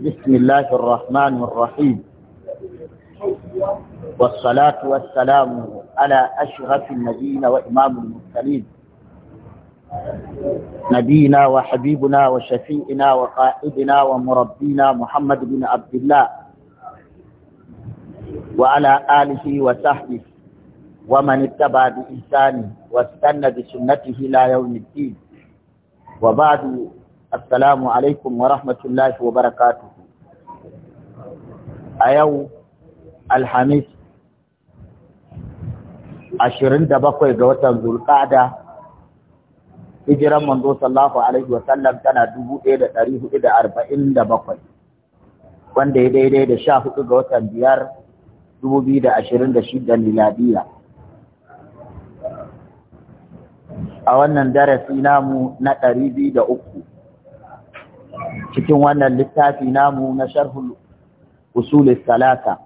بسم الله الرحمن الرحيم والصلاة والسلام على أشرف النبيين وإمام المرسلين نبينا وحبيبنا وشفيئنا وقائدنا ومربينا محمد بن عبد الله وعلى آله وصحبه ومن اتبع بإنسانه واستنى بسنته إلى يوم الدين وبعد Assalamu alaikum wa rahmatullahi wa barakatuhu. A yau, Alhamis, 27 ga watan Zulƙada, hijiran manzo sallahu Alaihi wasallam tana 1447, wanda ya daidai da 14 ga watan biyar 2026 miladiya. A wannan darasi namu na 203. cikin wannan littafi namu na sharhul usul salata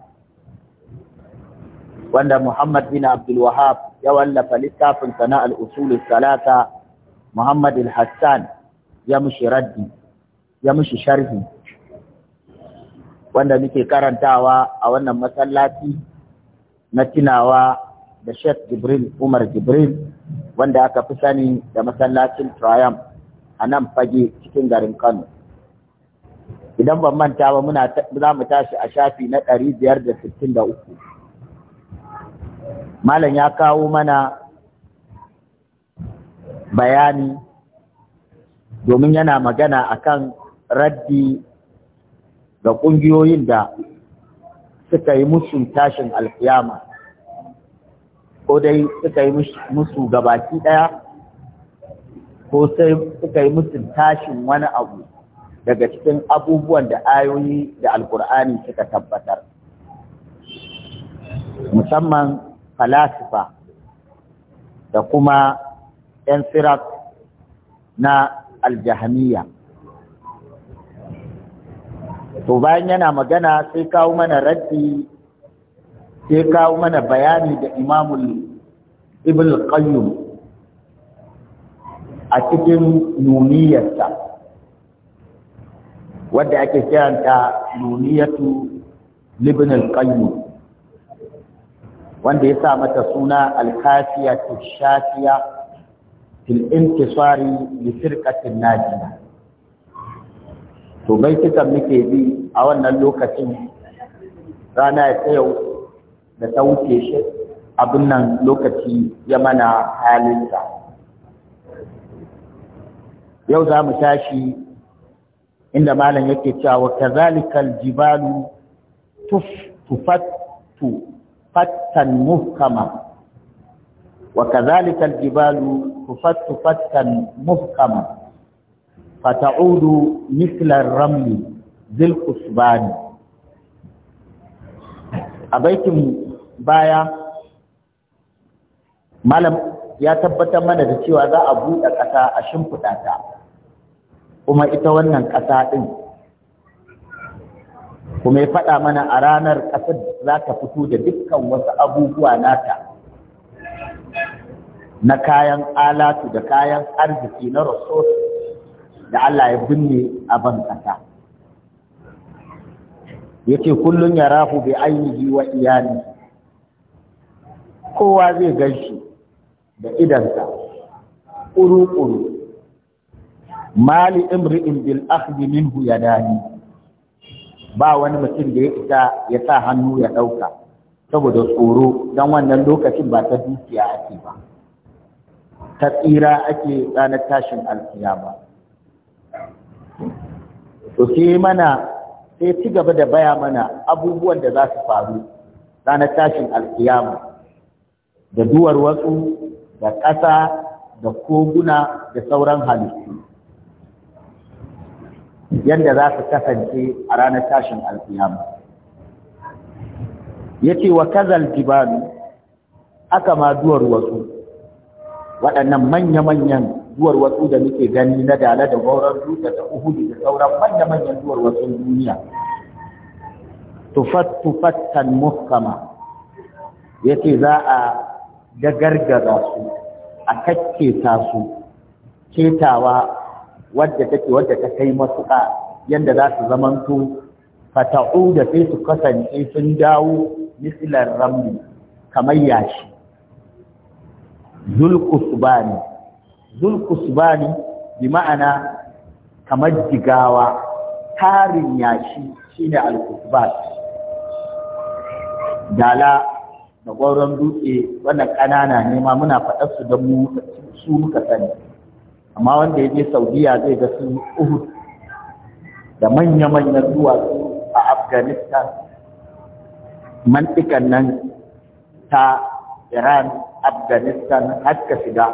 wanda Muhammad bin Abdul ya wallafa littafin sana al-usul salata Muhammad al-Hassan ya mushi raddi ya mushi sharhi wanda muke karantawa a wannan masallaci na Tinawa da Sheikh Jibril Umar Jibril wanda aka fi sani da masallacin Triumph a nan fage cikin garin Kano idan ban manta ba muna za mu tashi a shafi na ɗari biyar da uku. malam ya kawo mana bayani domin yana magana akan raddi ga ƙungiyoyin da suka yi musu tashin alkiyama ko dai suka yi musu gabaki ɗaya ko sai suka yi musu tashin wani abu daga cikin abubuwan da ayoyi da alkur'ani suka tabbatar musamman falasifa da kuma 'yan sirat na aljahamiya to bayan yana magana sai kawo mana raddi sai kawo mana bayani da imamul ibn qayyum a cikin numiyarsa. wadda ake kiranta nuniyatu libn al wanda ya sa mata suna al ta shafiya fil intisari li firqatin najiya to bai kika muke bi a wannan lokacin rana ya tsayau da ta wuce shi abin nan lokaci ya mana halinta yau za mu tashi inda malam yake cewa wa kazalikal jibalu tufattu fattan muhkama wa kazalikal jibalu tufattu fattan muhkama fata'udu mithla ramli zil kusbani a baya malam ya tabbatar mana da cewa za a buɗe ƙasa a shimfiɗa ta kuma ita wannan ƙasa ɗin kuma ya faɗa mana a ranar ƙasar za ta fito da dukkan wasu abubuwa nata na kayan alatu da kayan arziki na rasul da Allah ya binne a ban ƙasa ya ce kullum ya rafu bai ainihi wa iyali kowa zai gan shi da idansa ƙuru-ƙuru mali imri'in bil akhdhi minhu yadani ba wani mutum da ya isa ya sa hannu ya dauka saboda tsoro dan wannan lokacin ba ta dukiya ake ba ta tsira ake ranar tashin alkiyama to sai mana sai ci gaba da baya mana abubuwan da za su faru ranar tashin alkiyama da duwar wasu da ƙasa da koguna da sauran halittu yadda za su kasance a ranar tashin Ya ce wa kazal jibalu aka ma duwar wasu waɗannan manya-manyan duwar wasu da muke gani na dala da gauran duka da uhudu da sauran manya-manyan duwar wasu duniya tufattufattan muhkama yace za a dagargaza su a kakketa su ketawa wadda take wadda ta kai matuƙa yadda za su zamanto fata'u da sai su kasance sun dawo misilar ramli kamar yashi zulkusbani zulkusbani bi ma'ana kamar jigawa tarin yashi shine alkusbat dala da gauran dutse wannan ƙanana ne ma muna faɗar su don mu su muka sani amma wanda ya je saudiya zai ga sun uhud da manya-manyan duwatsu a afghanistan mantikan nan ta iran afghanistan har ka shiga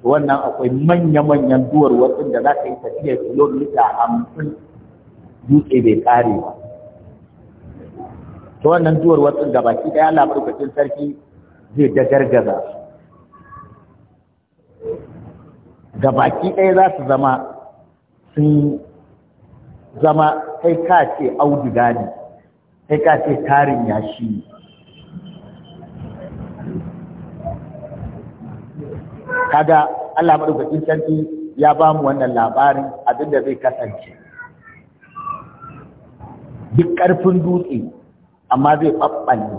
wannan akwai manya-manyan duwar wasu da za ka yi tafiya kilomita hamsin dutse bai kare ba ta wannan duwar wasu da baki daya labarkacin sarki zai dagargaza su Da baki ɗaya za su zama sun zama kai ka ce auduga ne kai ka ce tarin yashi ne kaga Allah madaukakin sarki ya ba mu wannan labarin abinda zai kasance duk ƙarfin dutse amma zai ɓaɓɓalle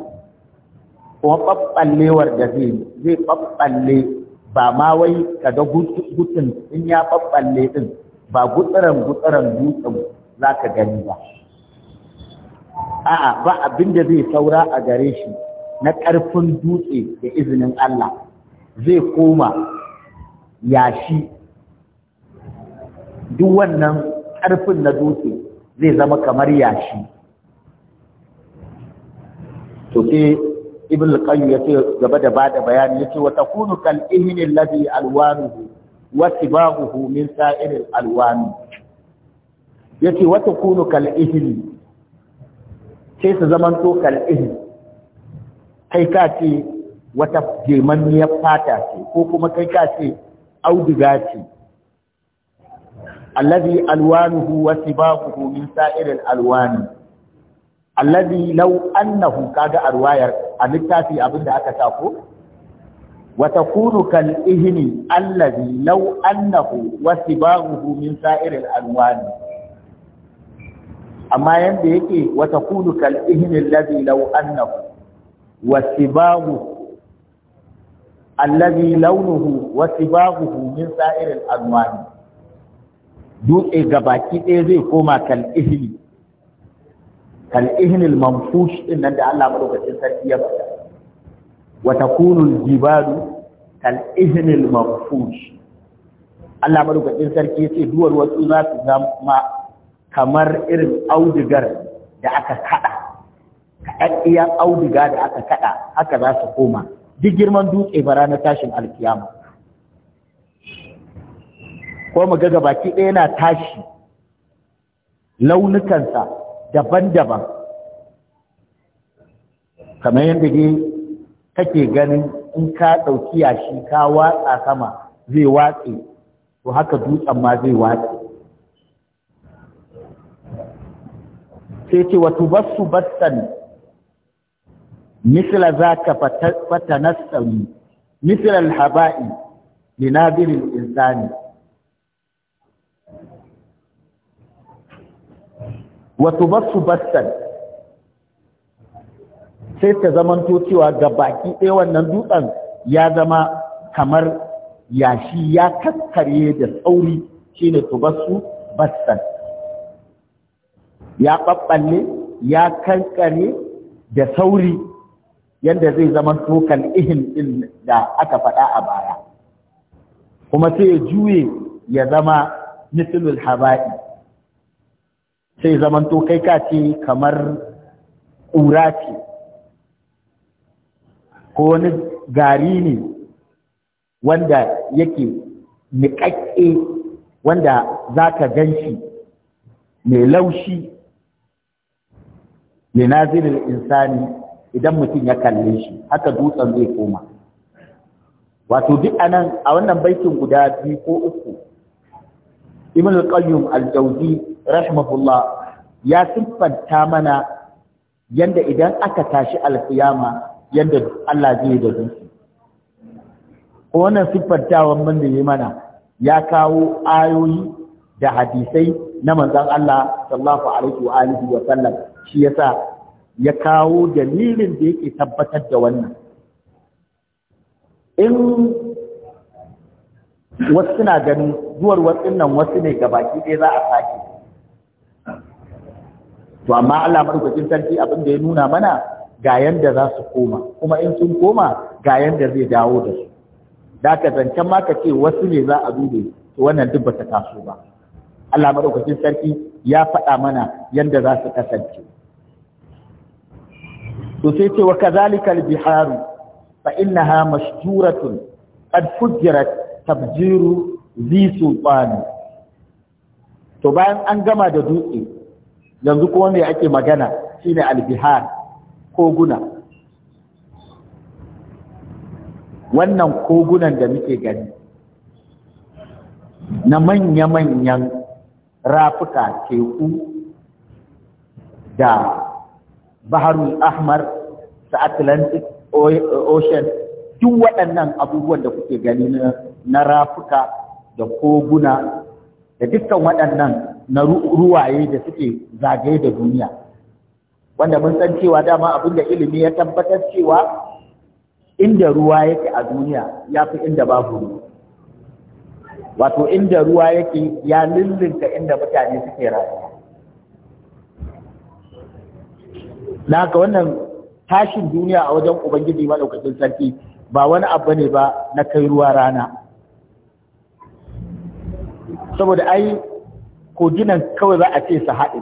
kuma ɓaɓɓallewar da zai zai ɓaɓɓalle ba ma wai kaga gutun in ya babballe din ba gutsuran gutsuran dutsen za ka gani ba a'a ba abin da zai saura a gare shi na ƙarfin dutse da izinin Allah zai koma yashi duk wannan ƙarfin na dutse zai zama kamar yashi to sai ibn al-qayyim yace gaba da bada bayani yace wa takunu kal ihn alladhi alwanuhu wa tibahu min sa'ir al-alwan yace wa takunu kal ihn sai su zaman to kal ihn kai ka ce wata ya fata ce ko kuma kai ka ce auduga ce alladhi alwanuhu wa tibahu min sa'ir al-alwan alladhi law annahu kaga arwayar a littafi abinda aka sa ko wa taqulu kal ihni alladhi law annahu wasibahu min al alwan amma yanda yake wa taqulu kal ihni alladhi law annahu wasibahu alladhi lawnuhu wasibahu min al alwan dutse gabaki ɗaya zai koma kal ihni kal ihnil mamfush din nan da Allah madaukakin sarki ya bada wa takunu jibalu kal ihnil manfush Allah madaukakin sarki yace duwar wasu za su zama kamar irin audigar da aka kada iya audiga da aka kada haka za su koma duk girman dutse ba ranar tashin alkiyama ko mu ga gabaki ɗaya yana tashi launukansa daban-daban kamar yadda ke kake ganin in ka ɗauki yashi ka watsa sama zai watse to haka dutsen ma zai watsi sai ce wato basu za ka fata nasarun misilar haba'i linabirin insani wato basu bastan sai ta zamanto cewa ga baki ɗaya wannan dutsen ya zama kamar yashi ya kakkare da tsauri shi ne Basu bastan ya ɓaɓɓalle ya kankare da sauri yadda zai zama tokan ihin ɗin da aka faɗa a baya kuma sai ya juye ya zama mithlul haba'i sai zamanto kai ka ce kamar ƙura ce ko wani gari ne wanda yake niƙaƙƙe wanda za ka gan shi mai laushi mai nazirin insani idan mutum ya kalle shi haka dutsen zai koma wato duk anan a wannan bankin guda biyu ko uku Imin al aljauzi. rahimahullah ya siffanta mana yanda idan aka tashi alkiyama yanda Allah zai da duki wannan siffantawan mun da yi mana ya kawo ayoyi da hadisai na manzon Allah sallallahu alaihi wa alihi wa sallam shi yasa ya kawo dalilin da yake tabbatar da wannan in wasu suna ganin zuwar wasu nan wasu ne gabaki ɗaya za a sake to amma Allah madaukakin sarki abin da ya nuna mana ga yanda za su koma kuma in sun koma ga yanda zai dawo da su da ka zancen ma ka ce wasu ne za a dube to wannan duk ba ta taso ba Allah madaukakin sarki ya faɗa mana yanda za su kasance to sai ce wa kazalikal biharu fa innaha mashjuratun qad fujirat tabjiru zi sultani to bayan an gama da dutse yanzu kuma mai ake magana shine albihar koguna wannan kogunan da muke gani na manya-manyan rafuka teku da baharul ahmar da atlantic ocean duk waɗannan abubuwan da kuke gani na rafuka da koguna da dukkan waɗannan na ruwaye da suke zagaye da duniya wanda mun san cewa dama abin ilimi ya tabbatar cewa inda ruwa yake a duniya ya fi inda babu ruwa wato inda ruwa yake ya lullunta inda mutane suke rayuwa Na haka wannan tashin duniya a wajen ubangiji maɗaukacin sarki ba wani abu ne ba na kai ruwa rana saboda ai koginan kawai za a ce su haɗe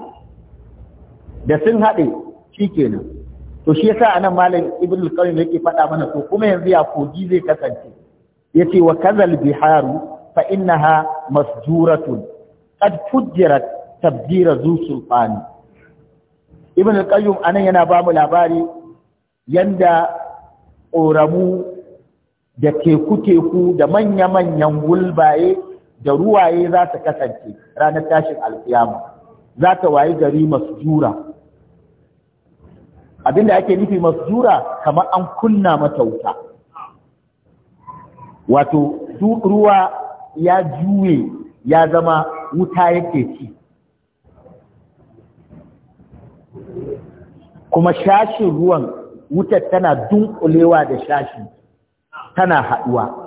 da sun haɗe shi kenan to shi yasa anan malam ibn al-qayyim yake faɗa mana to kuma yanzu ya kogi zai kasance yace wa kazal biharu fa innaha masjuratun qad fujjirat tabdira zu sulfani ibn al-qayyim anan yana ba mu labari yanda ƙoramu da teku-teku da manya-manyan gulbaye da ruwaye za ta kasance ranar tashin alkiyama za ta wayi gari masu jura abinda ake nufi masu jura, kamar an kunna mata wuta wato ruwa ya juye ya zama wuta yake ci kuma shashin ruwan wutar tana dunkulewa da shashi tana haɗuwa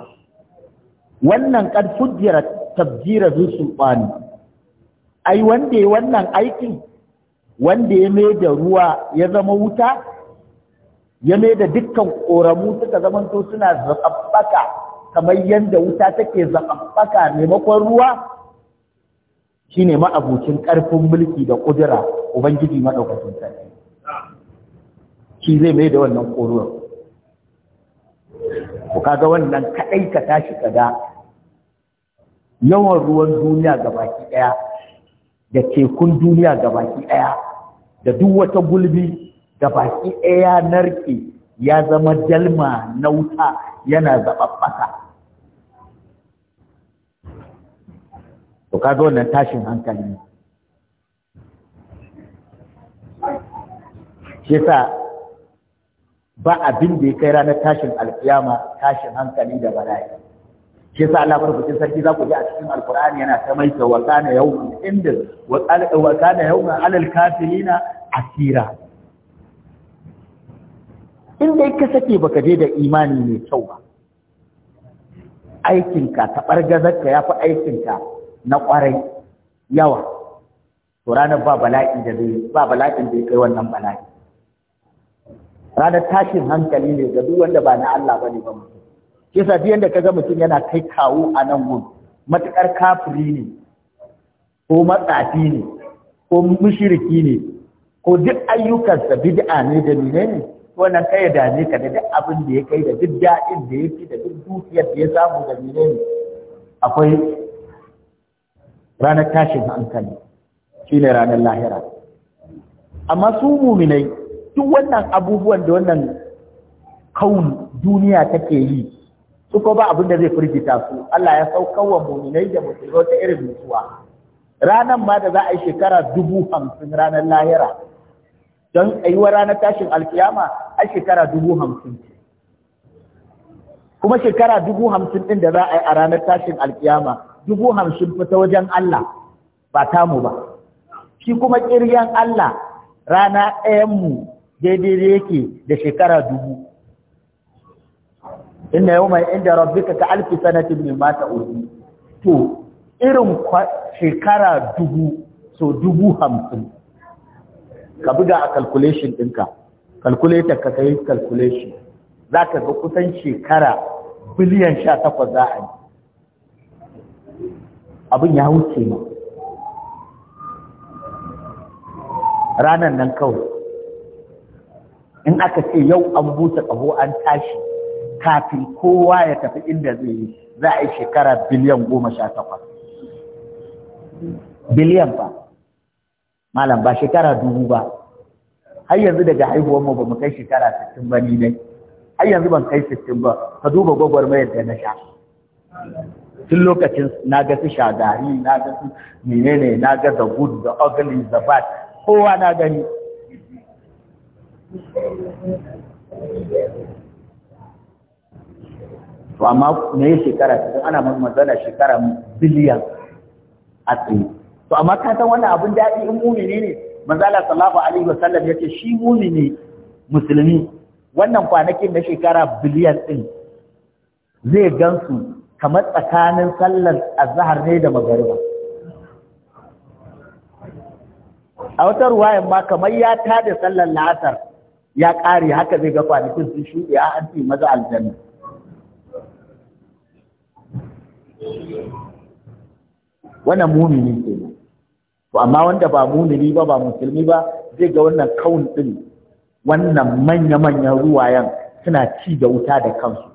wannan ƙarfujiyar tabjira zu sulbani ai wanda ya wannan aikin wanda ya mai da ruwa ya zama wuta ya mai da dukkan ƙoramu suka zamanto suna zaɓaɓɓaka kamar yadda wuta take zaɓaɓɓaka maimakon ruwa shi ne ma'abucin ƙarfin mulki da ƙudura ubangiji maɗaukacin sarki shi zai mai da wannan ƙoruwar ku kaga wannan kaɗai ka tashi kada yawan ruwan duniya ga baki ɗaya, da tekun duniya ga baki ɗaya, da duk wata gulbi gabaki na narke ya zama dalma na wuta yana zaɓaɓɓata. to kaga wannan tashin hankali shi sa ba abin da ya kai ranar tashin alkiyama tashin hankali da bala'i shi sa Allah madaukakin sarki za ku ji a cikin alkur'ani yana ta mai ta wa kana yawman inda yau alal asira in dai ka sake baka je da imani mai kyau ba aikinka ta bargazarka ya fi aikinka na kwarai yawa to ranar ba bala'i da zai ba bala'in da kai wannan bala'i ranar tashin hankali ne ga duk wanda ba na Allah bane ba mutum yasa duk ka kaga mutum yana kai kawo a nan gun matuƙar kafiri ne ko matsafi ne ko mushriki ne ko duk ayyukansa bid'a ne da menene wannan kai ya ne ka da duk abin da ya kai da duk da'in da ya fi da duk dukiyar da ya samu da menene akwai ranar tashin hankali shine ranar lahira amma su muminai duk wannan abubuwan da wannan kaun duniya take yi su ko ba abin da zai firgita su Allah ya saukar wa muminai da musulmi ta irin mutuwa ranan ma da za a yi shekara dubu hamsin ranar lahira don wa ranar tashin alkiyama a shekara dubu hamsin kuma shekara dubu hamsin ɗin da za a yi a ranar tashin alkiyama dubu hamsin fita wajen Allah ba tamu ba shi kuma ƙiryan Allah rana ɗayan mu daidai yake da shekara dubu inna yawma inda rabbika ka alfi sanatin mimma ta'udun to irin shekara dubu so dubu hamsin ka buga a calculation ɗinka calculator ka kai calculation za ka ga kusan shekara biliyan sha takwas za a yi abin ya wuce ma ranar nan kawai in aka ce yau an buta ƙaho an tashi kafin kowa ya tafi inda zai yi za a yi shekara biliyan goma sha takwas biliyan ba malam ba shekara dubu ba har yanzu daga haihuwanmu ba mu kai shekara sittin ba ni dai har yanzu ban kai sittin ba ka duba gwagwarmayar da na sha tun lokacin na ga su shagari na ga su menene na ga the good the ugly the bad kowa na gani to amma me ya shekara ta ana mazana shekara biliyan a tsaye to amma ka san wannan abin daɗi in mumini ne manzo Allah sallallahu alaihi wasallam yace shi mumini musulmi wannan kwanakin na shekara biliyan din zai gansu kamar tsakanin sallar azhar ne da magariba a wata ruwaya ma kamar ya tada sallar la'asar ya ƙare haka zai ga kwanakin sun shuɗe a an maza aljanna wannan mumini kenan to amma wanda ba mumini ba ba musulmi ba zai ga wannan kaun din wannan manya-manyan ruwayan suna ci da wuta da kansu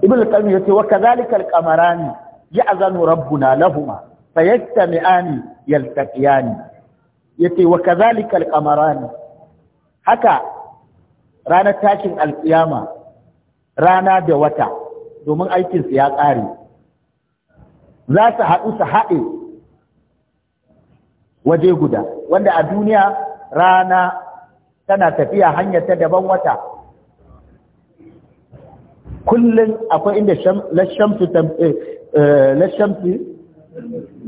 ibn qayyim yace wa kadhalika al-qamarani ya'zanu rabbuna lahumā fayajtami'ani yaltaqiyani yace wa kadhalika al-qamarani haka ranar takin alƙiyama rana da wata domin aikinsu ya ƙare za su haɗu su haɗe waje guda wanda a duniya rana tana tafiya hanyar ta daban wata kullum akwai inda lashamsu eh, eh,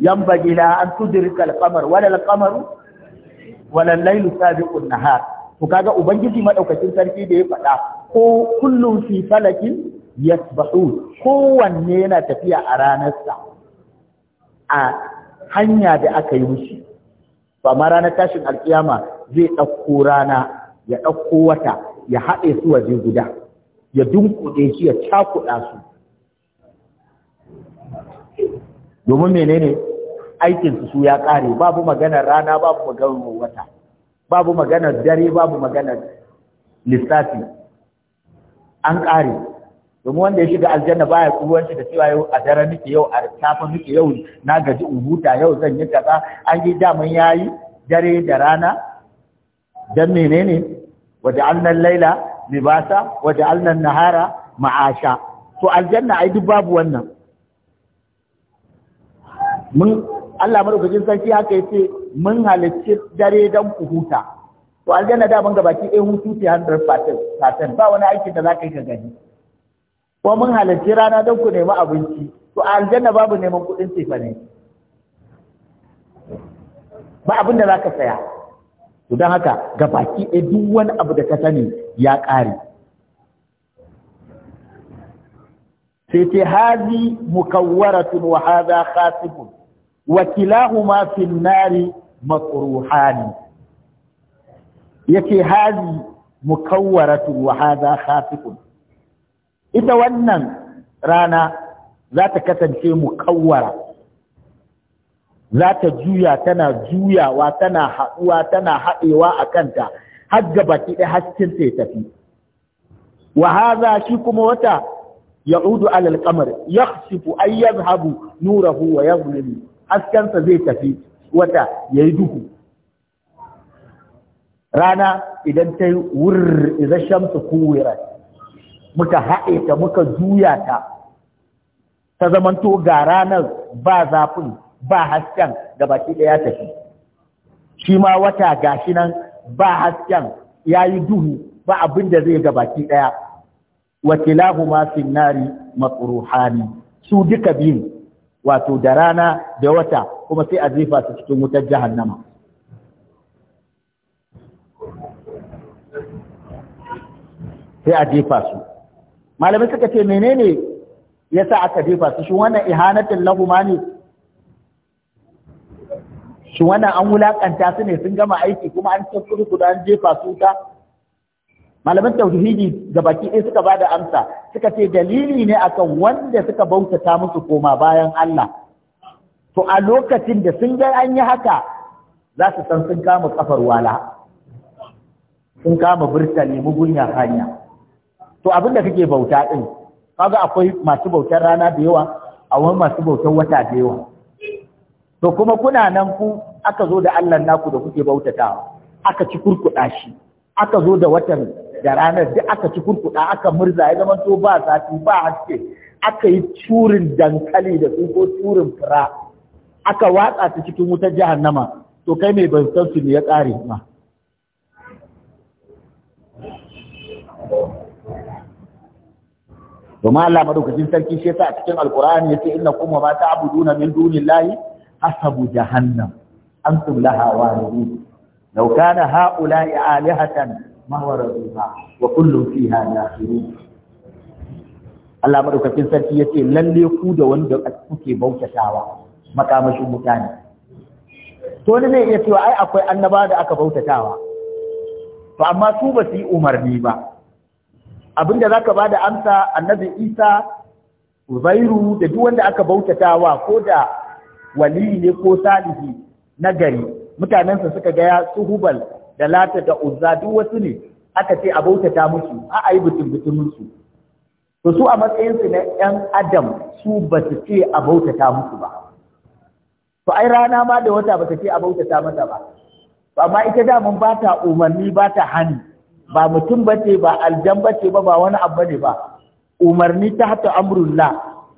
yan la an tudrika al wadda wala wadda lailu wala nahar Ku kaga ubangiji madaukakin sarki da ya faɗa ko kullum fi falakin yasbahu kowanne yana tafiya a ranar sa a hanya da aka yi mushi ba ma ranar tashin alkiyama zai ɗauko rana ya ɗauko wata ya haɗe su waje guda ya dunkuɗe shi ya cakuɗa su domin menene aikin su ya ƙare babu maganar rana babu maganar wata babu maganar dare babu maganar lissafi an ƙare domin wanda ya shiga aljanna baya kuruwanci da cewa yau a dare nake yau a tafa nake yau na gaji in huta yau zan yi kaza an yi daman yayi dare da rana dan menene waja'alna al-laila libasa waja'alna an-nahara ma'asha to aljanna ai duk babu wannan mun Allah madaukakin sarki haka yace mun halicci dare dan ku huta to aljanna da ban gabaki ɗaya hutu ce 100% ba wani aiki da za ka yi ka gani ko mun halicci rana don ku nemi abinci to a aljanna babu neman kuɗin tefa ne ba abin da za ka saya to don haka gabaki ɗaya duk wani abu da ka sani ya ƙare sai ce hazi mukawwaratun wa haza khasibun وكلاهما في النار مطروحان يكي هذه مكورة وهذا خافق إذا ونن رانا ذات كتن شيء مكورة ذات جويا تنا جويا وتنا وتنا حقي وأكنتا حجبت إلى حسن تيتفي وهذا شيكم وتا يعود على القمر يخسف أن يذهب نوره ويظلمه sa zai tafi wata ya yi duhu rana idan ta yi wurr idan shamsu kuwirat muka haɗe ta muka juya ta ta zamanto ga ranar ba zafin ba hasken da baki ɗaya tafi shi ma wata gashi nan ba hasken ya yi duhu ba abin da zai baki ɗaya wakilahu ma finnari matsuruhani su duka biyu. wato da rana da wata kuma sai a jefa su cikin wutar jahannama sai a jefa su malamai suka ce menene sa aka jefa su shi wannan ihanatin lahuma ne shi wannan an wulakanta su ne sun gama aiki kuma an tafi da an jefa su ta malaman tauhidi ga baki ɗaya suka da amsa suka ce dalili ne akan wanda suka bautata musu koma bayan Allah to a lokacin da sun ga an yi haka za su san sun kama kafar wala sun kama burtali mugunya hanya to abinda kake bauta din kaga akwai masu bautar rana da yawa akwai masu bautar wata da yawa to kuma kuna nan ku aka zo da Allah naku da kuke bautatawa aka ci kurkuɗa shi aka zo da watan da ranar duk aka ci kurkuɗa aka murza ya zama to ba zafi ba haske aka yi curin dankali da su ko curin fura aka watsa ta cikin wutar jahannama to kai mai san su ne ya ƙare ma domin Allah madaukakin sarki shi yasa a cikin alkur'ani yace inna kuma ma ta'buduna min dunillahi asabu jahannam antum laha waridun law kana haula'i alihatan mawaraduna wa kullum fiha dakhilun Allah madaukakin sarki yace lalle ku da wanda kuke bautatawa makamashin mutane to ne zai iya cewa ai akwai annaba da aka bautatawa to amma su ba su yi umarni ba abinda zaka bada amsa annabi Isa Zairu da duk wanda aka bautatawa ko da wali ne ko salihi na gari mutanensa suka ga ya suhubal talata da uzza duk wasu ne aka ce a bautata musu a yi butun musu to su a matsayinsu na ‘yan adam su ba su ce a bautata musu ba to ai rana ma da wata ba ta ce a bautata mata ba amma ita da mun ba umarni ba ta hani ba mutum ba ce ba aljan ba ce ba ba wani abu ne ba umarni ta hata amrulla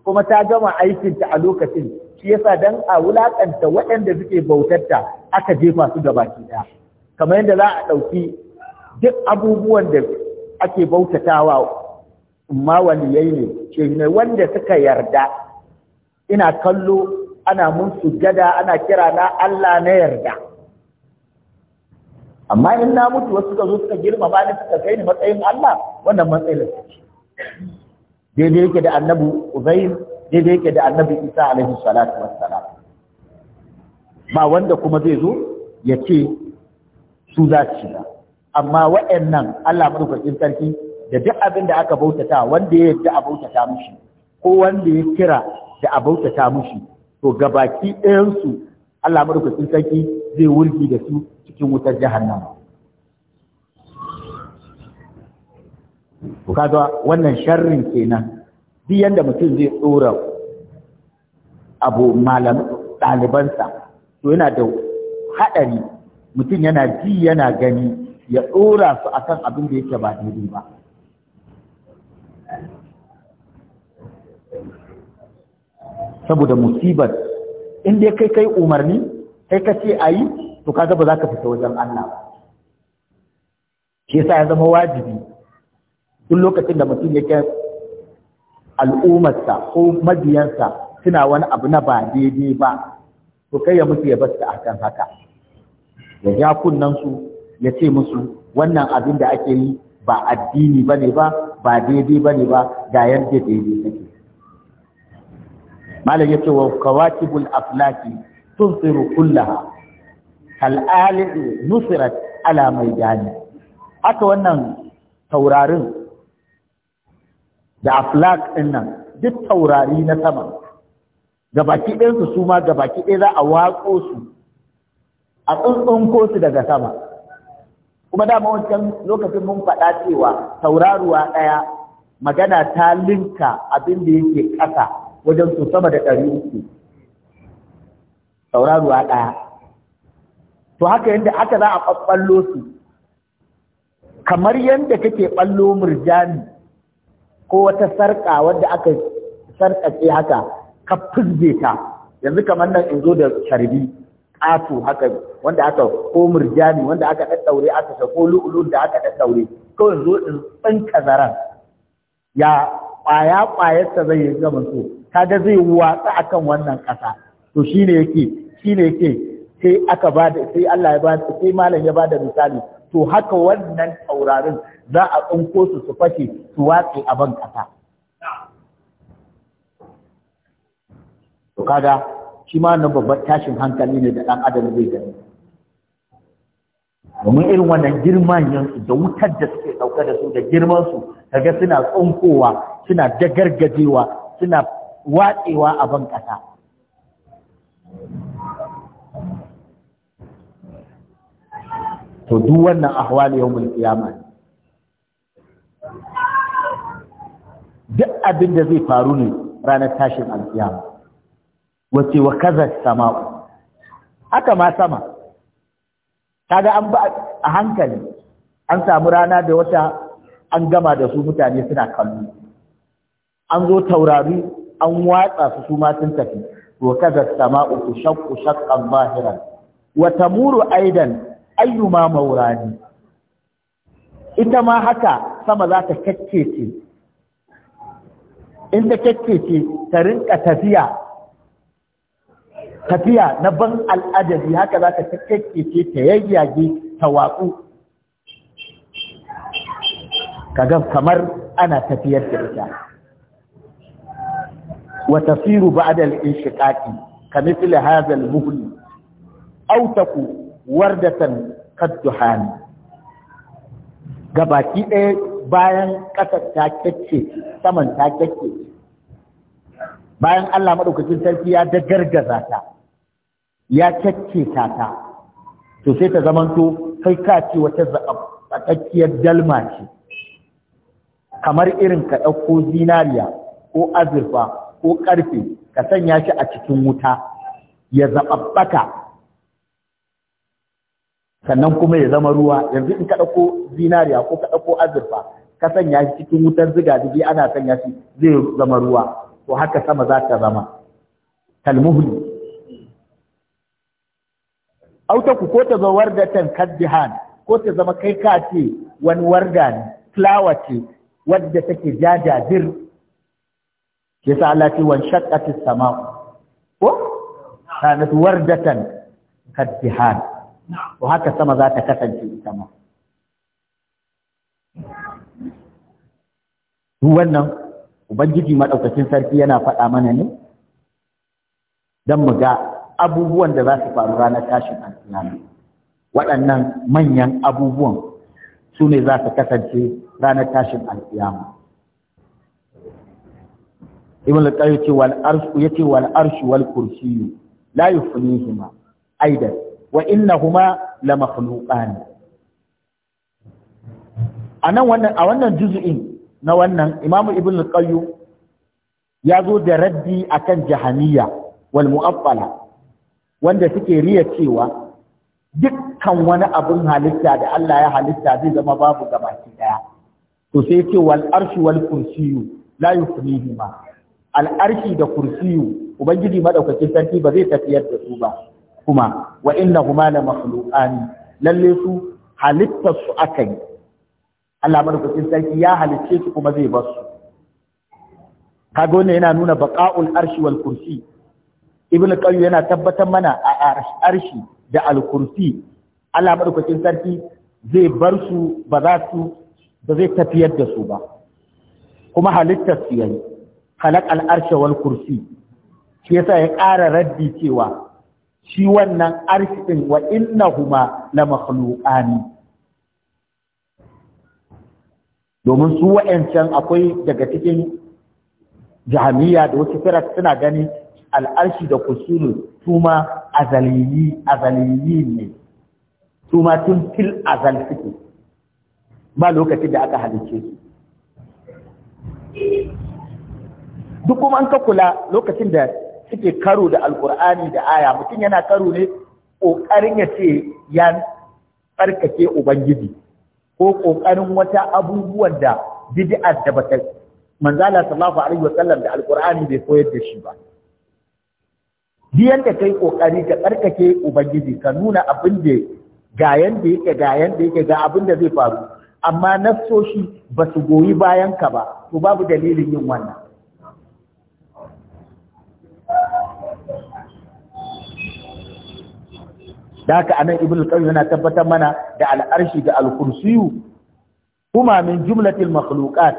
kuma ta gama aikinta a lokacin shi yasa dan a wulakanta waɗanda suke bautarta aka jefa su gabaki ɗaya kamar yadda za a ɗauki duk abubuwan da ake bautatawa ma waliyai ne ne wanda suka yarda ina kallo ana mun sujada ana kira na Allah na yarda amma in na mutu wasu suka zo suka girma ba ni suka kai ni matsayin Allah wannan matsayin ce daidai yake da annabi Uzair daidai yake da annabi Isa alaihi salatu wassalam ba wanda kuma zai zo ya ce su za su shiga amma waɗannan Allah madaukakin sarki da duk abin da aka bautata wanda ya yadda a bautata mushi ko wanda ya kira da a bautata mushi to ga gabaki ɗayansu Allah madaukakin sarki zai wurgi da su cikin wutar jahannama to kaga wannan sharrin kenan duk yanda mutum zai tsora abu malam ɗalibansa to yana da haɗari mutum yana ji yana gani ya ɗora su akan abin da yake ba daidai ba saboda musibar in ya kai kai umarni kai ka ce a yi to kaga ba za ka fita wajen Allah ba shi yasa ya zama wajibi tun lokacin da mutum yake al'ummarsa ko mabiyansa suna wani abu na ba daidai ba to kai ya mutu ya basu kan haka ya ja kunnansu ya ce musu wannan abin da ake yi ba addini ba ne ba ba daidai ba ne ba ga yadda daidai take malam ya ce wa kawakibul aflaki tunsiru kullaha kal'ali nusirat ala mai gani haka wannan taurarin da aflak ɗin nan duk taurari na sama gabaki ɗinsu su ma gabaki ɗaya za a watso su a tsuntsunko su daga sama kuma dama wancan lokacin mun faɗa cewa tauraruwa ɗaya magana ta linka abin da yake ƙasa wajen su sama da ɗari uku tauraruwa ɗaya to haka yadda aka za a ɓaɓɓallo su kamar yadda kake ɓallo murjani ko wata sarƙa wadda aka sarƙaƙe haka ka fizge ta yanzu kamar nan in zo da sharbi atu haka wanda aka ko murjani wanda aka daddaure aka ta ko lu'ulun da aka daddaure ko yanzu din tsinka kazaran ya ƙwaya ƙwayarsa zai yi gama so kaga zai watsa akan wannan ƙasa to shine yake shine yake sai aka da sai Allah ya bada sai malam ya bada misali to haka wannan taurarin za a tsinko su su fashe su watsi a ban ƙasa to kaga shi ma na babban tashin hankali ne da ɗan adam zai gani domin irin wannan girman yansu da wutar da suke ɗauka da su da girman girmansu kaga suna tsunkowa suna dagargajewa suna watsewa a ban ƙasa to duk wannan ahwali yawmul qiyama ne duk abin da zai faru ne ranar tashin alkiyama wace wa kaza sama'u haka ma sama kaga an ba a hankali an samu rana da wata an gama da su mutane suna kallo an zo taurari an watsa su su ma sun tafi wa kaza sama'u tushaqqu shaqqan zahiran wa tamuru aidan ayyuma maurani ita ma haka sama za ta kakkece in ta kakkece ta rinka tafiya tafiya na ban al'adari haka za ka ta kekkece ta yayyage ta Ka kaga kamar ana tafiyar da ita wa tasiru ba'da al-inshiqaqi kamithli hadha hazal muhl aw wardatan kadduhan gabaki ɗaya bayan ƙasar ta kyakke saman ta kyakke bayan Allah maɗaukacin sarki ya dagargaza ta ya cakketa ta to sai ta zamanto kai ka ce wata tsakakkiyar dalma ce kamar irin ka ɗauko zinariya ko azurfa ko ƙarfe ka sanya shi a cikin wuta ya zaɓaɓɓaka sannan kuma ya zama ruwa yanzu in ka ɗauko zinariya ko ka ɗauko azurfa ka sanya shi cikin wutar zigajibi ana sanya shi zai zama ruwa to haka sama za ta zama kalmuhli auta ku ko ta zama wardatan kaddihan ko ta zama kai ka ce wani warda ne fulawa ce wadda take jajajir ke sa Allah ce wan shaqqati sama? ko ta kanat wardatan kaddihan ko haka sama za ta kasance ita ma duk wannan ubangiji madaukakin sarki yana faɗa mana ne dan mu ga abubuwan da za su faru ranar tashin alkiyama waɗannan manyan abubuwan su ne za su kasance ranar tashin alkiyama ibn al ya ce wal arshu yace wal arshu wal kursiyyu la yufnihima aidan wa innahuma la makhluqan anan wannan a wannan juz'in na wannan imamu ibn al ya zo da raddi akan jahaniya wal mu'attala wanda suke riya cewa dukkan wani abin halitta da Allah ya halitta zai zama babu gabaki daya to sai ce wal arshi wal kursiyu la yufnihima al arshi da kursiyu ubangiji madaukakin sarki ba zai tafiyar da su ba kuma wa innahuma la makhluqani lalle su halitta su akai Allah madaukakin sarki ya halicce su kuma zai bar su kaga wannan yana nuna baqa'ul arshi wal kursi ibn qayyim yana tabbatar mana a arshi da al-kursi Allah madaukakin sarki zai bar su ba za su ba zai tafiyar da su ba kuma halittar su yayi khalaq al-arsha wal kursi shi yasa ya ƙara raddi cewa shi wannan arshi din wa innahuma la makhluqani domin su wa'ancan akwai daga cikin jahamiya da wasu firar suna gani al'arshi da kusuru su ma ne su ma tun fil azal suke ba lokacin da aka halicce su duk kuma an ka kula lokacin da suke karo da Alƙur'ani da aya mutum yana karo ne ƙoƙarin ya ce ya tsarkake ubangiji ko ƙoƙarin wata abubuwan da bid'ar da bata manzala sallallahu alaihi wasallam da alkur'ani bai koyar da shi ba duk da kai kokari ka tsarkake ubangiji ka nuna abin da ga yanda yake ga yanda yake ga abin da zai faru amma nafsoshi ba su goyi bayan ka ba to babu dalilin yin wannan da haka anan ibn al-qayyim yana tabbatar mana da al'arshi da al-kursiyu kuma min jumlatil makhluqat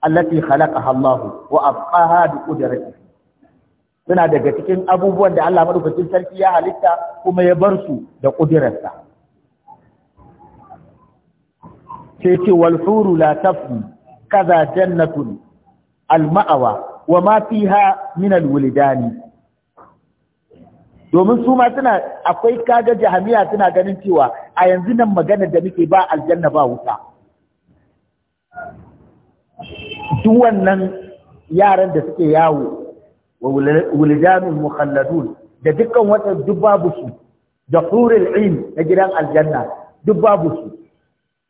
allati khalaqaha Allah wa afqaha bi qudratihi suna daga cikin abubuwan da Allah madaukakin sarki ya halitta kuma ya bar su da kudirarsa sai ce wal huru la tafni kaza jannatun al ma'awa wa ma fiha min al wulidani domin su ma suna akwai kaga jahamiya suna ganin cewa a yanzu nan maganar da muke ba aljanna ba wuta duk wannan yaran da suke yawo wa wulidanun mukhalladun da dukkan wata duk su da hurul ilm na gidan aljanna duk su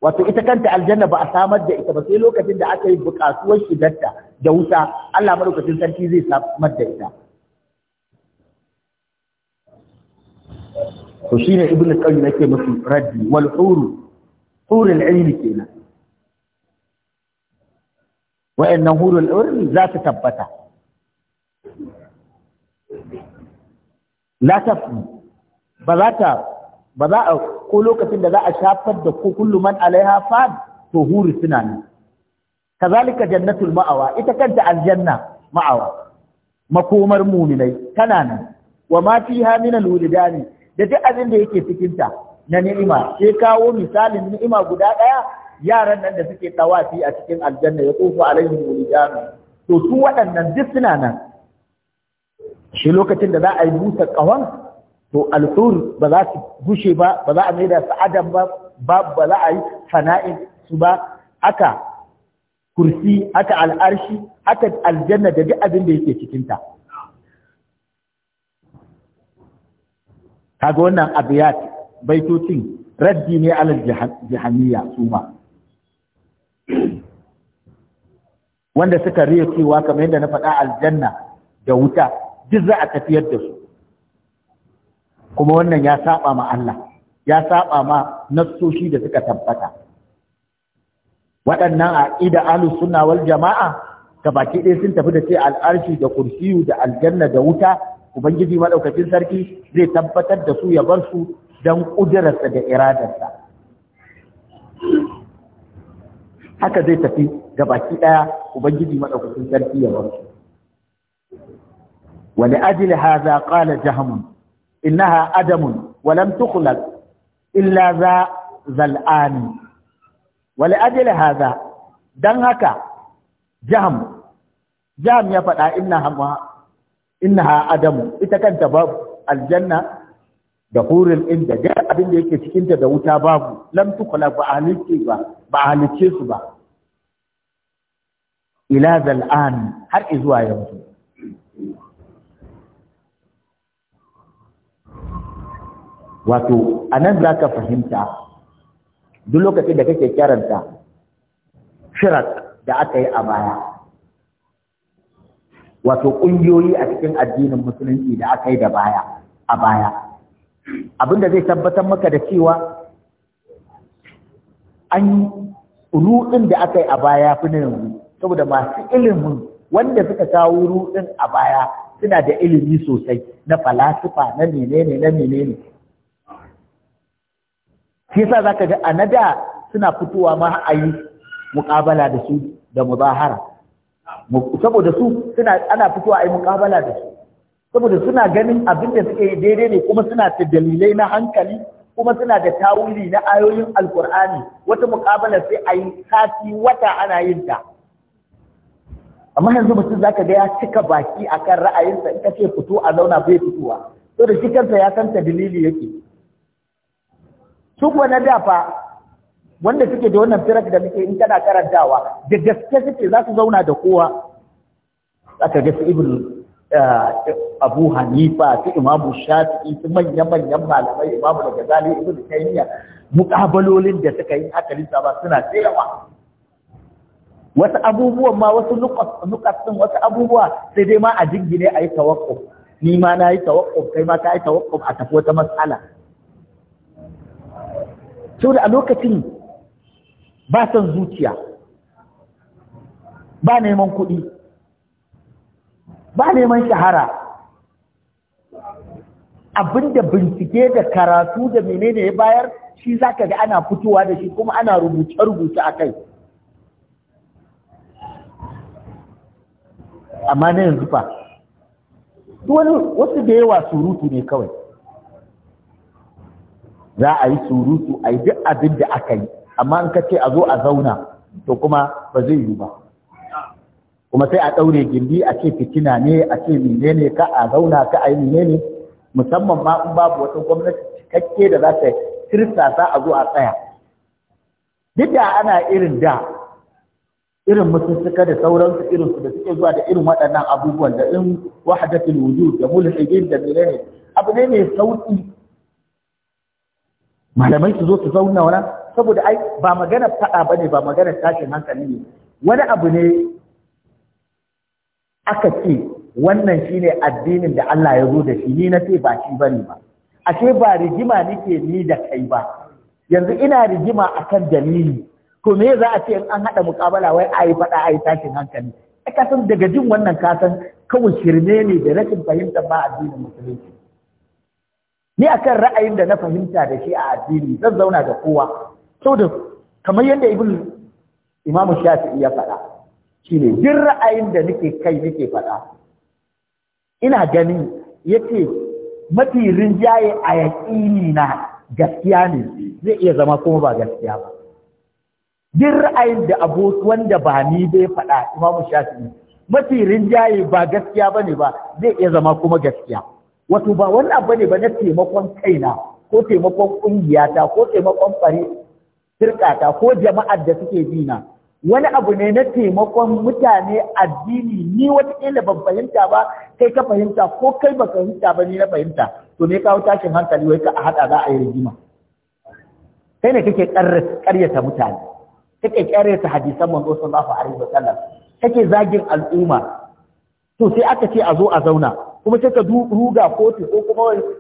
wato ita kanta aljanna ba a samar da ita ba sai lokacin da aka yi bukatuwar shigarta da wuta Allah madaukakin sarki zai samar da ita to shine ibn qayyim yake musu raddi wal huru hurul ilmi kenan wa'annan hurul ilmi za ta tabbata la ba za ta ba za a ko lokacin da za a shafar da ko kullu man alaiha fad to huri suna ne kazalika jannatul ma'awa ita kanta aljanna ma'awa makomar muminai tana nan wa ma fiha min alwuldani da duk abin da yake cikin ta na ni'ima sai kawo misalin ni'ima guda ɗaya yaran nan da suke tawafi a cikin aljanna ya tsofa alaihim wulidan to su waɗannan duk suna nan shi lokacin da za a yi busa ƙahon to alhur ba za su gushe ba ba za a maida su adam ba ba za a yi fana'in su ba aka kursi aka al'arshi aka aljanna da duk abin da yake cikinta kaga wannan abiyat baitocin raddi ne alal jahaniya su ma wanda suka riya cewa kamar yadda na faɗa aljanna da wuta duk za a tafiyar da su kuma wannan ya saba ma Allah ya saba ma nassoshi da suka tabbata waɗannan ida alu sunna wal jama'a baki ɗaya sun tafi da ce al'arshi da kursiyu da aljanna da wuta ubangiji madaukakin sarki zai tabbatar da su ya bar su don ƙudurarsa da iradarsa haka zai tafi ga baki ɗaya ubangiji maɗaukacin sarki ya bar su ولأجل هذا قال جهم إنها أدم ولم تخلق إلا ذا ذا الآن ولأجل هذا دنك جهم جهم يفتع إنها ما إنها أدم إذا كانت باب الجنة دخول الإنجا جاء أبن ليك تكنت دوتا باب لم تخلق بأهلك بأهلك سبا إلى ذا الآن هل إذوا يمتون wato a nan za ka fahimta duk lokacin da kake karanta shirak da aka yi a baya wato ƙungiyoyi a cikin addinin musulunci da aka yi da baya a baya abinda zai tabbatar maka da cewa an yi ruɗin da aka yi a baya fi na yanzu saboda masu ilimin wanda suka kawo ruɗin a baya suna da ilimi sosai na falasifa na menene na menene shi yasa zaka ga anada suna fitowa ma a yi muƙabala da su da muzahara saboda su suna ana fitowa a yi muƙabala da su saboda suna ganin abin da suke daidai ne kuma suna da dalilai na hankali kuma suna da tawuli na ayoyin alkur'ani wata muƙabala sai a yi sati wata ana yin ta amma yanzu mutum zaka ga ya cika baki akan ra'ayinsa in ka ce fito a zauna bai fitowa Saboda da shi kansa ya san ta dalili yake su kuwa na dafa wanda suke da wannan firak da muke in kana karantawa da gaske suke za su zauna da kowa aka ga su ibn eh, abu hanifa su imamu shafi'i su manya-manyan malamai imamu da gazali ibn taymiya mukabalolin da suka yi hakalin ba suna tsayawa wasu abubuwan ma wasu nukasin wasu abubuwa sai dai ma a jingine a yi tawakkuf ni ma na yi tawakkuf kai ma ka yi tawakkuf a tafi wata matsala saboda a lokacin ba son zuciya ba neman kuɗi ba neman shahara abinda bincike da karatu da menene ya bayar shi zaka ga ana fitowa da shi kuma ana rubuce-rubuce a kai amma na yanzu fa wasu da yawa surutu ne kawai za a yi surutu a yi duk abin da aka yi amma in ka ce a zo a zauna to kuma ba zai yi ba kuma sai a ɗaure gindi a ce fitina ne a ce ne ka a zauna ka a yi ne musamman ma in babu wata gwamnati cikakke da za ta za a zo a tsaya duk da ana irin da irin mutuntuka da sauransu irin da suke zuwa da irin waɗannan abubuwan da in wahadatul wujud da mulhidin da ne abu ne mai sauki malamai su zo su zauna wani saboda ai ba magana faɗa ba ne ba magana tashin hankali ne wani abu ne aka ce wannan shine addinin da Allah ya zo da shi ni na ce ba shi bane ba ashe ba rigima nake ni da kai ba yanzu ina rigima akan dalili to me za a ce in an haɗa mukabala wai ayi faɗa a yi tashin hankali ka daga jin wannan kasan kawai shirme ne da rashin fahimtar ba addinin musulunci ni akan ra'ayin da na fahimta da shi a addini zan zauna da kowa saboda kamar yadda ibn imamu shafi'i ya faɗa shine duk ra'ayin da nake kai nake faɗa ina ganin yace mafi rinjaye a yaƙini na gaskiya ne zai iya zama kuma ba gaskiya ba duk ra'ayin da abu wanda ba ni bai faɗa imamu shafi'i mafi rinjaye ba gaskiya bane ba zai iya zama kuma gaskiya wato ba wani abu ne ba na taimakon kaina ko taimakon ƙungiyata ko taimakon fari ko jama'ar da suke bina wani abu ne na taimakon mutane addini ni watakila ban fahimta ba kai ka fahimta ko kai ba fahimta ba ni na fahimta to me kawo tashin hankali wai ka a haɗa za a yi rigima kai ne kake ƙaryata mutane kake ƙaryata hadisan manzo sallallahu alaihi wasallam kake zagin al'umma to sai aka ce a zo a zauna kuma sai ka ruga kotu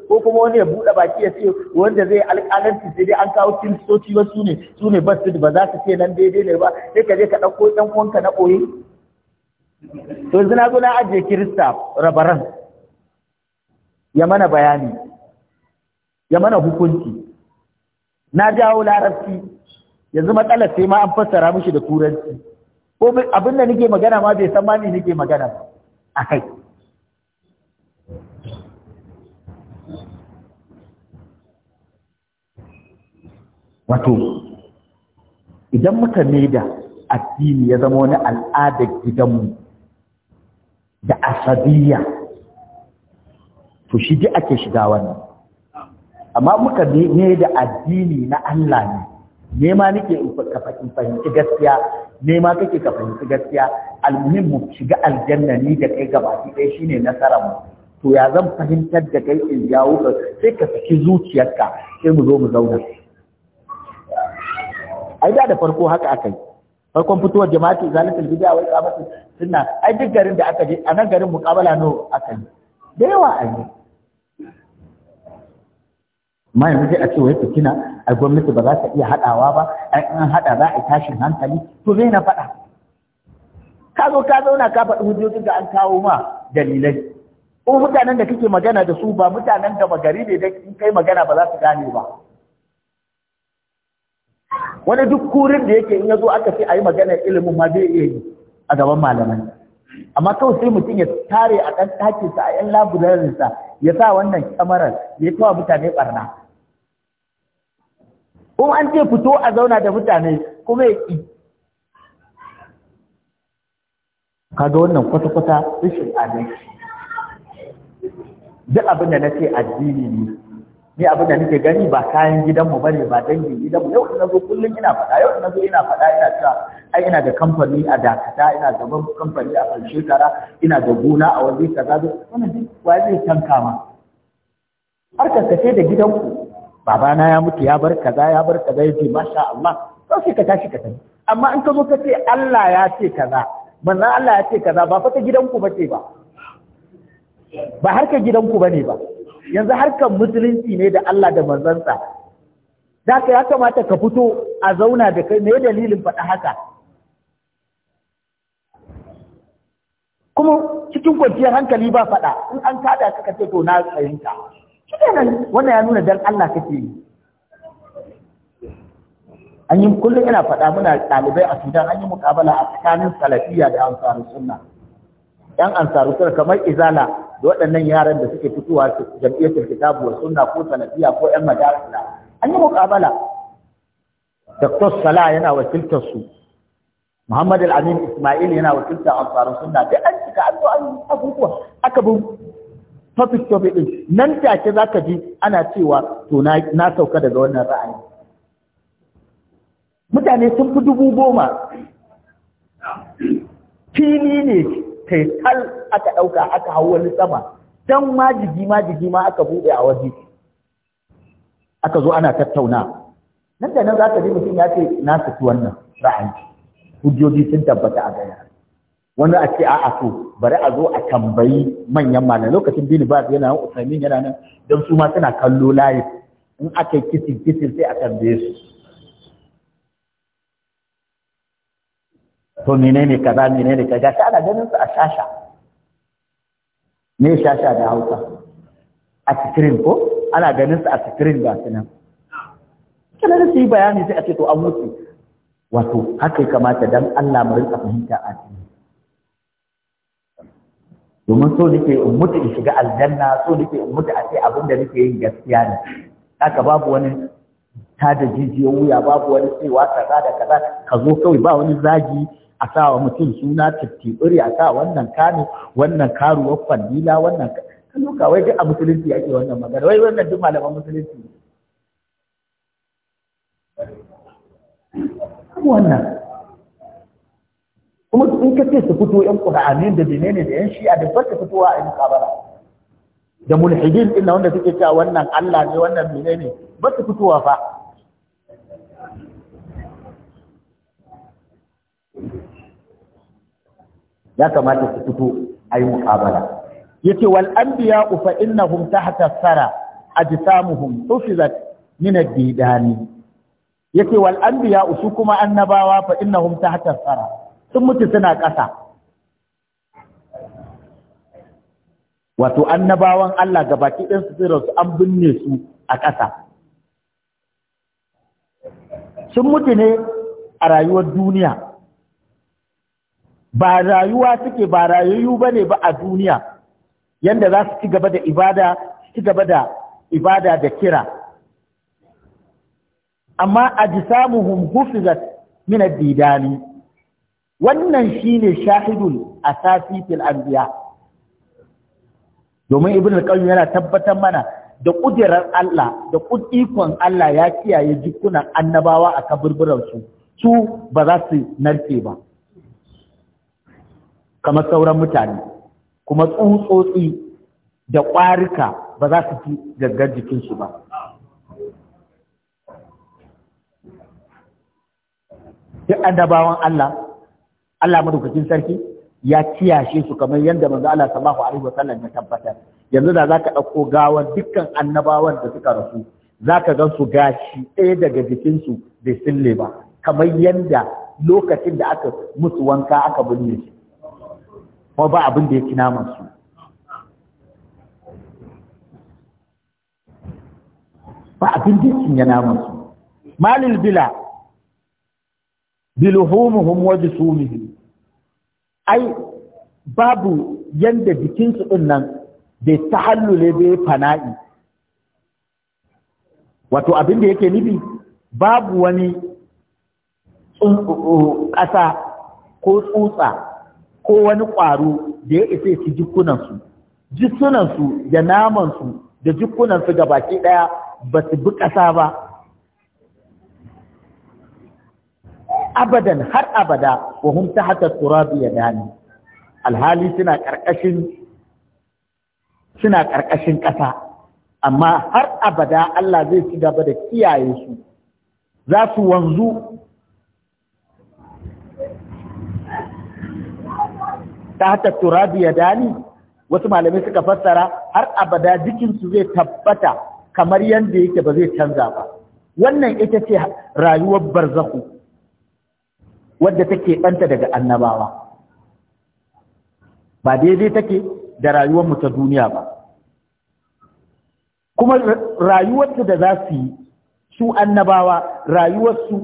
ko kuma wani ya buɗe baki ya ce wanda zai alƙalanci sai dai an kawo kiristoci ba su ne su ne ba ba za su ce nan daidai ne ba sai ka je ka ɗauko ɗan uwanka na ɓoye to yanzu na zo ajiye kirista rabaran ya mana bayani ya mana hukunci na jawo larabci yanzu matsalar sai ma an fassara mishi da turanci ko abin da nake magana ma bai san ma ni nake magana a kai wato idan muka da addini ya zama wani al'adar gidanmu da asabiya to shi ji ake shiga wannan amma muka da addini na Allah ne nema nake in fahimci gaskiya nema kake ka fahimci gaskiya almuhim mu shiga aljanna ni da kai gabaki kai shine nasara mu to ya zan fahimtar da kai in jawo sai ka saki zuciyarka sai mu zo mu zauna ai da da farko haka aka yi farkon fitowar jama'atu zalatul bid'a wai qamatu sunna ai duk garin da aka je a nan garin muqabala no aka yi da yawa a yi ma yanzu sai a ce wai fitina a gwamnati ba za ta iya haɗawa ba ai an haɗa za a tashin hankali to zai na faɗa ka zo ka zauna ka faɗi hujjojin da an kawo ma dalilai ko mutanen da kake magana da su ba mutanen da magari ne da in kai magana ba za su gane ba wani duk kurin da yake in ya zo aka fi a yi maganar ilimin ma zai iya a gaban malamai amma kawai sai mutum ya tare a ɗan takinsa a ƴan labularinsa ya sa wannan kyamarar ya kawo mutane ɓarna Kuma an ce fito a zauna da mutane kuma ya ƙi kaga wannan kwata-kwata rashin adalci duk abin da na ce addini ne ni abin da nake gani ba kayan gidanmu bane ba dangin gidanmu yau ina zo kullum ina faɗa yau ina zo ina faɗa ina cewa ai ina da kamfani a dakata ina gaban kamfani a kan shekara ina da gona a waje kaza zo wannan duk wa zai tanka ma har kace da gidanku babana ya mutu ya bar kaza ya bar kaza yace masha Allah sau sai ka tashi ka tafi amma in ka zo ka ce Allah ya ce kaza manzon Allah ya ce kaza ba fa ta gidanku bace ba ba ka gidanku bane ba, ne ba. yanzu harkar musulunci ne da Allah da manzansa da ka ya kamata ka fito a zauna da kai mai dalilin faɗa haka kuma cikin kwanciyar hankali ba faɗa in an kada ka kace to na tsayinka Kika kenan wannan ya nuna dan Allah kake yi an yi kullum ina faɗa muna ɗalibai a sudan an yi mukabala a tsakanin salafiya da ansarun sunna yan ansaru suna kamar izala da waɗannan yaran da suke fitowa jam’iyyar kitabu wa suna, ko sanadiyya, ko yan majalisa an yi muƙabala Dr. Salah yana wakiltar su Muhammad Al-Amin Ismail yana wakiltar ansaru suna. duk an cika an zo an abubuwa aka bin topic topic din nan take ka ji ana cewa to na sauka daga wannan ra'ayi mutane sun fi dubu goma fili ne taital aka ɗauka aka hau wani sama don majigi majigi ma aka buɗe a waje aka zo ana tattauna nan da nan za ka ji mutum ya ce na saki wannan ra'ayi hujjoji sun tabbata a gaya wani a ce a'a so bari a zo a tambayi manyan malamai lokacin bin bas yana nan usaimin yana nan don su ma suna kallo layi in aka yi kisin kisin sai a tambaye su to menene kaza menene kaza ta ana ganin su a shasha me shasha da hausa a screen ko ana ganin su a screen ga su nan kana su yi bayani sai a ce to an mutu wato haka ya kamata dan Allah mu rinka fahimta a cikin domin so nake in mutu in shiga aljanna so nake in mutu a ce abin da nake yin gaskiya ne haka babu wani ta da jijiyoyi wuya babu wani cewa kaza da kaza ka zo kawai ba wani zagi a sa wa mutum suna tattibiri a sa wannan kano wannan karuwar kwandila wannan kaluka wai duk a musulunci ake wannan magana wai wannan duk malaman musulunci ne wannan kuma in ka ce su fito yan qur'anin da dinene da yan shi'a da farka fitowa a kabara da mulhidin ina wanda suke cewa wannan Allah ne wannan menene ba su fitowa fa ya kamata su fito a yi muƙabala ce wal anbiya fa innahum tahta sara ajsamuhum tufizat min ad-didani ce wal anbiya su kuma annabawa fa innahum tahta sara sun mutu suna ƙasa wato annabawan Allah gabaki ɗin su zira su an binne su a ƙasa sun mutu ne a rayuwar duniya ba rayuwa suke ba rayuyu ba ne ba a duniya yadda za su ci gaba da ibada ci gaba da ibada da kira amma a ji samuhun hufizat minar didani wannan shine shahidul a fil anbiya domin ibn alƙalmi yana tabbatar mana da ƙudirar Allah da ikon Allah ya kiyaye jikunan annabawa a kaburburansu su ba za su narke ba kamar sauran mutane kuma tsuntsotsi da ƙwarika ba za su fi gaggar jikinsu ba duk annabawan Allah Allah madaukakin sarki ya kiyashe su kamar yadda manzo Allah sallallahu alaihi wasallam ya tabbatar yanzu da zaka ɗauko gawan dukkan annabawan da suka rasu zaka gan su gashi ɗaya daga jikinsu bai sille ba kamar yadda lokacin da aka musu wanka aka binne su kuma ba abin da ya ci naman su ba abin da ya fi naman su malil bila biluhumuhum wa sumihi ai babu yadda jikinsu ɗin nan bai tahallule bai fana'i wato abin da yake nufi babu wani ƙasa ko tsutsa ko wani ƙwaro da ya isa ci jikunansu jikunansu da namansu da jikunansu ga baki ɗaya ba su bi ƙasa ba abadan har abada wa ta tahta turabi yadani alhali suna ƙarƙashin ƙasa. amma har abada Allah zai ci gaba da kiyaye su za su wanzu ta hata turabi ya dani wasu malamai suka fassara har abada jikinsu zai tabbata kamar yadda yake ba zai canza ba wannan ita ce rayuwar barzahu wadda take ɓanta daga annabawa ba daidai take da rayuwar mu ta duniya ba kuma rayuwarsu da za su yi su annabawa rayuwarsu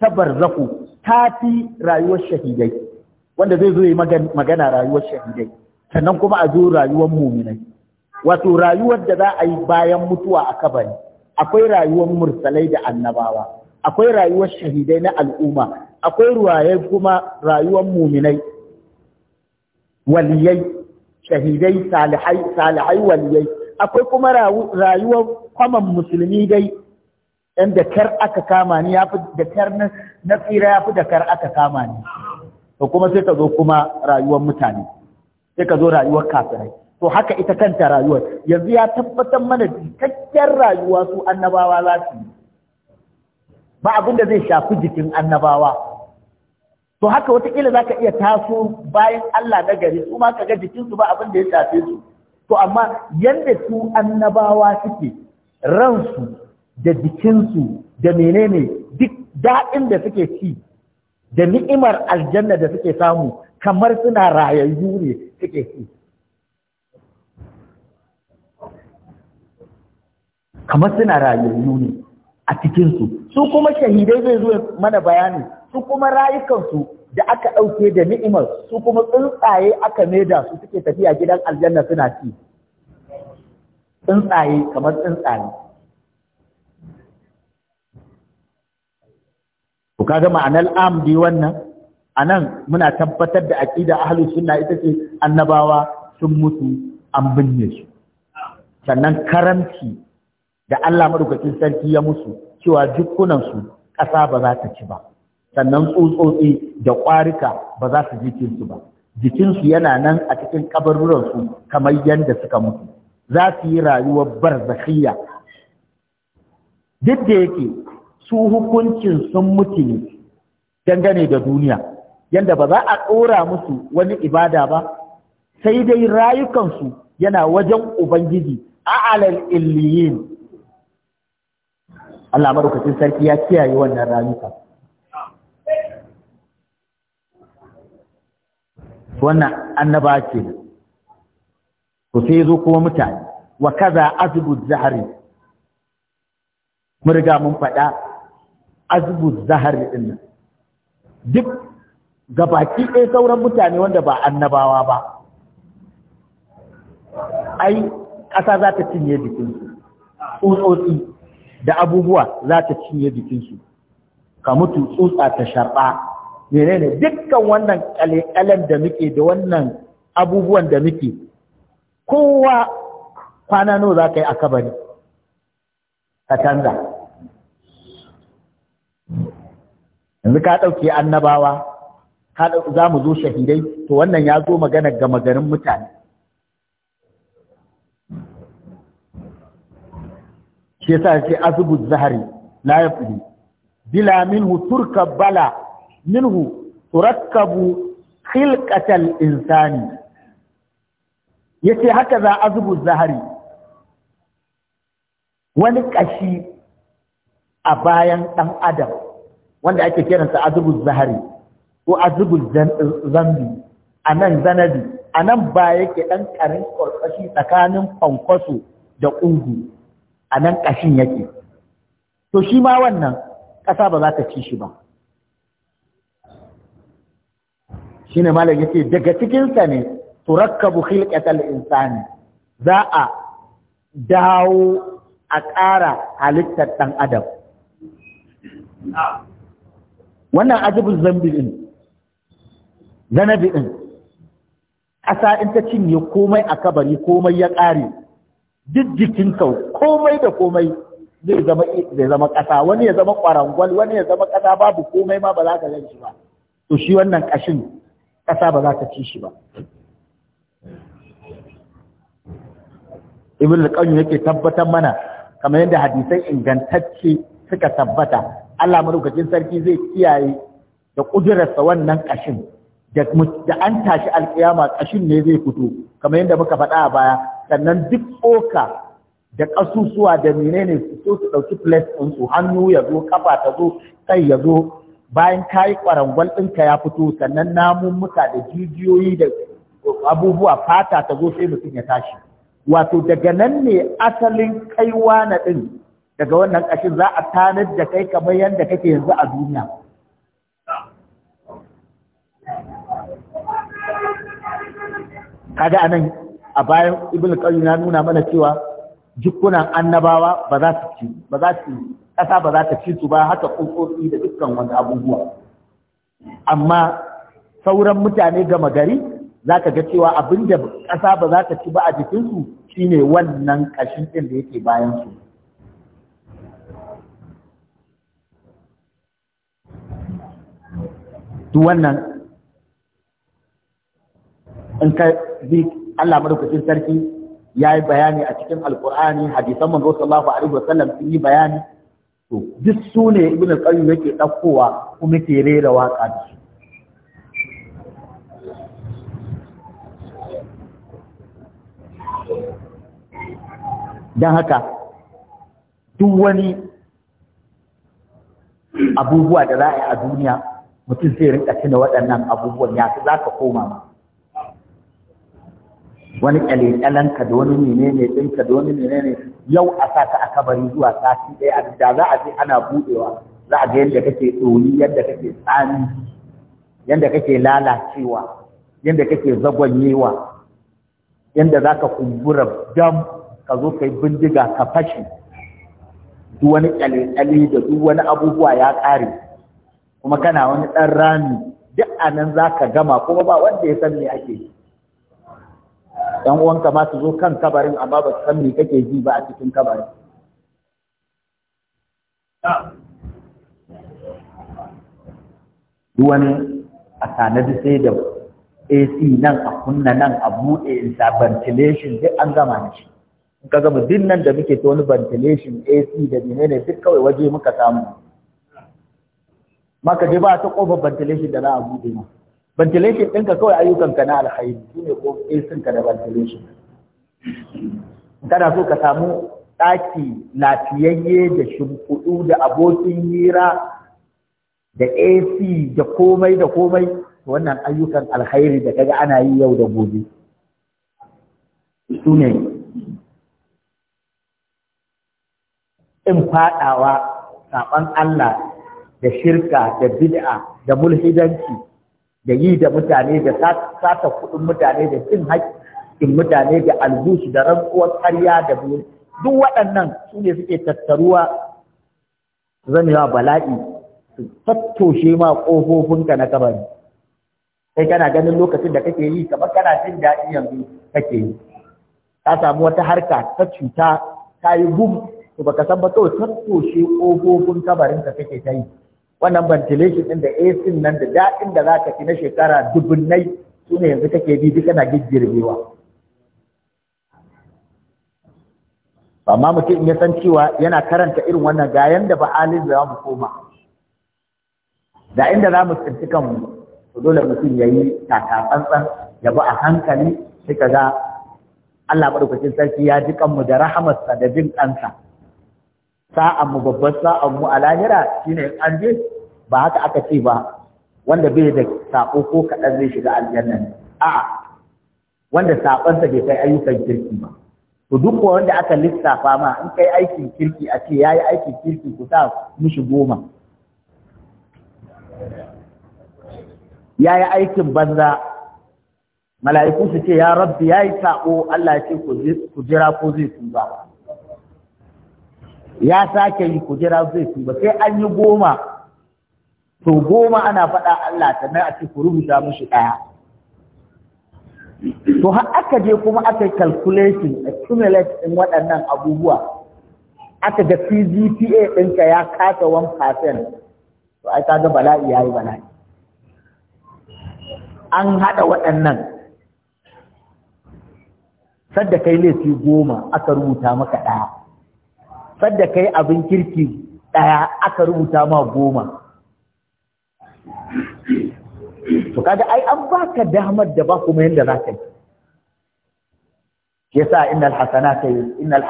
ta barzahu ta fi rayuwar shahidai wanda zai zo yi magana rayuwar shahidai sannan kuma a zo rayuwar muminai wato rayuwar da za a yi bayan mutuwa a kabari akwai rayuwar mursalai da annabawa akwai rayuwar shahidai na al'umma akwai ruwaye kuma rayuwar muminai waliyai shahidai salihai salihai waliyai akwai kuma rayuwar kwaman musulmi dai yan da kar aka kama ni yafi da kar na tsira ya fi da kar aka kama ni to kuma sai ka zo kuma rayuwar mutane sai ka zo rayuwar kafirai to haka ita kanta rayuwar yanzu ya tabbatar mana cikakken rayuwa su annabawa za su yi ba abin da zai shafi jikin annabawa to haka wataƙila za ka iya taso bayan Allah na gari su ka ga jikinsu ba abin da ya shafe su to amma yadda su annabawa suke ransu da jikinsu da menene duk daɗin da suke ci da ni'imar aljanna da suke samu kamar suna rayayyu ne suke ci kamar suna rayayyu ne a cikinsu su kuma shahidai zai zo mana bayani su kuma rayukansu da aka ɗauke da ni'imar su kuma tsuntsaye aka maida su suke tafiya gidan aljanna suna ci tsuntsaye kamar tsuntsaye kaga ma'anar amdi wannan anan muna tabbatar da aqida ahli suna ita ce annabawa sun mutu an binne su sannan karanci da Allah madaukakin sarki ya musu cewa dukkunan su ƙasa ba za ta ci ba sannan tsutsotsi da ƙwarika ba za su jikin su ba jikinsu yana nan a cikin su kamar yadda suka mutu za su yi rayuwar barzakhiya duk da yake su hukuncin sun mutu ne dangane da duniya yadda ba za a ɗora musu wani ibada ba sai dai rayukansu yana wajen ubangiji a alal illiyin Allah marukacin sarki ya kiyaye wannan rayuka wannan annaba ce ku sai zo kuma mutane wa kaza azubu zahari mun riga mun faɗa azubu zahari din nan duk gabaki ɗaya sauran mutane wanda ba annabawa ba ai ƙasa za ta cinye jikinsu tsotsotsi da abubuwa za ta cinye jikinsu ka mutu tsutsa ta sharɓa menene dukkan wannan ƙalƙalen da muke da wannan abubuwan da muke kowa kwana nawa za ka yi a kabari ka canza yanzu ka ɗauke annabawa ka za mu zo shahidai to wannan ya zo magana ga magarin mutane shi yasa ce azubu zahari la bila minhu bala minhu turakkabu khilqatal insani yace haka za azubu zahari wani kashi a bayan ɗan adam wanda ake kiransa azubul zahari ko azubul zambi a nan zanabi a nan ba yake ɗan ƙarin ƙarƙashi tsakanin kwankwaso da ƙungu a nan ƙashin yake to shi ma wannan ƙasa ba za ta ci shi ba shi ne malam yake daga cikinsa ne turakkabu khilqatal insani za a dawo a ƙara halittar ɗan adam wannan ajibin zambi ɗin zanabi ɗin ƙasa in ta cinye komai a kabari komai ya ƙare duk jikin kau komai da komai zai zama zai zama ƙasa wani ya zama ƙwarangwal wani ya zama ƙasa babu komai ma ba za ka ganshi ba to shi wannan ƙashin ƙasa ba za ta ci shi ba ibn al-qayyim yake tabbatar mana kamar yadda hadisai ingantacce suka tabbata Allah madaukakin sarki zai kiyaye da kudurarsa wannan kashin da an tashi alkiyama kashin ne zai fito kamar yadda muka faɗa a baya sannan duk tsoka da ƙasusuwa da menene su so su ɗauki ɗin su, hannu ya zo kafa ta zo kai ya zo bayan ka yi ƙwarangwal ɗinka ya fito sannan namummuka da jijiyoyi da abubuwa fata ta zo sai mutum ya tashi wato daga nan ne asalin kaiwa na ɗin daga wannan ƙashin za a tanar da kai kamar yadda kake yanzu a duniya a anan a bayan ibn na nuna mana cewa jikunan annabawa ba za su ci ba za su ƙasa ba za ta ci su ba haka ƙunƙoƙi da dukkan wani abubuwa amma sauran mutane gama gari za ka ga cewa abin da ƙasa ba za ta ci ba a jikinsu shine wannan ƙashin ɗin da yake bayan su duk wannan in ka bi Allah madaukakin sarki ya yi bayani a cikin alkur'ani hadisan manzo sallallahu alaihi wasallam sun yi bayani to duk su ne ibn al-qayyim yake ɗaukowa kuma ke rera waka da su don haka duk wani abubuwa da za a yi a duniya mutum zai rinka tuna waɗannan abubuwan ya za ka koma ma wani ka da wani menene ɗinka da wani menene yau a sa ka a kabari zuwa sati ɗaya a da za a je ana buɗewa za a ga yadda kake ɗoyi yadda kake tsami yadda kake lalacewa yadda kake zagwanyewa yadda za ka kumbura dam ka zo ka yi bindiga ka fashe duk wani ƙyalƙyali da duk wani abubuwa ya ƙare kuma kana wani ɗan rami duk a nan za ka gama kuma ba wanda ya san me ake yi ɗan uwanka ma su zo kan kabarin amma ba su san me kake ji ba a cikin kabarin duk wani a tanadi sai da AC nan a kunna nan a buɗe insa ventilation duk an gama da shi in ka gama duk nan da muke ta wani ventilation AC da menene duk kawai waje muka samu maka je ba ta kofar ventilation da za a buɗe ma ventilation ɗinka kawai ayyukanka na alhaini su ne ko ka da ventilation kana so ka samu ɗaki lafiyayye da shimfiɗu da abokin hira da AC da komai da komai wannan ayyukan alkhairi da kaga ana yi yau da gobe su ne in faɗawa saɓon Allah da shirka da bid'a da mulhidanci da yi da mutane da sata kuɗin mutane da cin haƙƙin mutane da albusu da rantsuwar ƙarya da biyu duk waɗannan su ne suke tattaruwa Zan yawa bala'i su tattoshe ma ƙofofinka na kabari sai kana ganin lokacin da kake yi kamar kana jin daɗi yanzu kake yi ka samu wata harka ta cuta ta yi gum to baka san ba kawai tattoshe ƙofofin kabarinka kake ta yi wannan ventilation din da AC nan da daɗin da za ka fi na shekara dubunnai su ne yanzu take bi duk kana giggirbewa ma mutum ya san cewa yana karanta irin wannan ga yanda ba halin da mu koma da inda za mu tsinci kanmu to dole mutum ya yi taka tsantsan ya bi a hankali sai ka ga Allah maɗaukacin sarki ya ji kanmu da rahamarsa da jin kansa sa'an mu babbar sa'an mu a lahira shine in an je ba haka aka ce ba wanda bai da sako ko kaɗan zai shiga aljanna a'a wanda sakonsa bai kai ayyukan kirki ba to duk wanda aka lissafa ma in kai aikin kirki a ce yayi aikin kirki ku sa mishi goma yayi aikin banza mala'iku su ce ya rabbi yayi sako Allah ya ce ku jira ko zai tuba ya sake yi kujera zai tuba sai an yi goma to goma ana faɗa Allah ta na a ce ku rubuta mushi ɗaya to har aka je kuma aka yi calculation accumulate ɗin waɗannan abubuwa aka ga CGPA ɗinka ya kasa 1% to ai kaga bala'i yayi bala'i an haɗa waɗannan sadda kai laifi goma aka rubuta maka ɗaya sadda kai abin kirki daya aka rubuta ma goma to kaga ai an baka damar da ba kuma yanda za ka yi yasa innal hasanata innal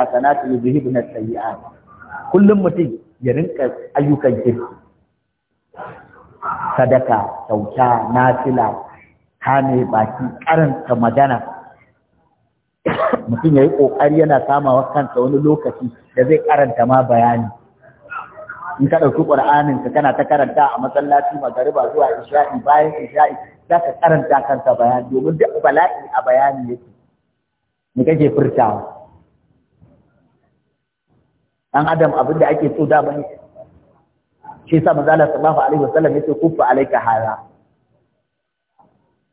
yi, yuzhibna as-sayyi'at kullum mutum ya rinka ayyukan kirki sadaka kyauta nafila kame baki karanta magana mutum ya yi ƙoƙari yana samawa kansa wani lokaci da zai karanta ma bayani in ka ɗauki ƙur'anin ka kana ta karanta a masallaci magariba zuwa isha'i bayan isha'i za ka karanta kansa bayani domin duk bala'i a bayani yake ka kake furtawa dan adam abin da ake so da bane shi yasa manzo Allah sallallahu alaihi wasallam yace kuffa alaika haya.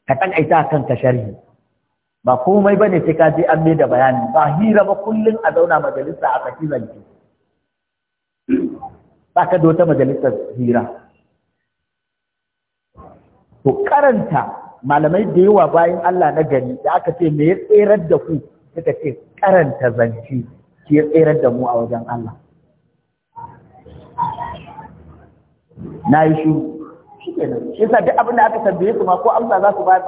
ka aita kanka sharhi ba komai bane sai ka je an mai da bayani ba hira ba kullum a zauna majalisa a saki zance ba ka da wata hira to karanta malamai da yawa bayan Allah na gani da aka ce me ya tserar da ku suka ce karanta zance ke tserar da mu a wajen Allah na yi shi shi kenan shi sa duk abin da aka tambaye su ma ko amsa za su ba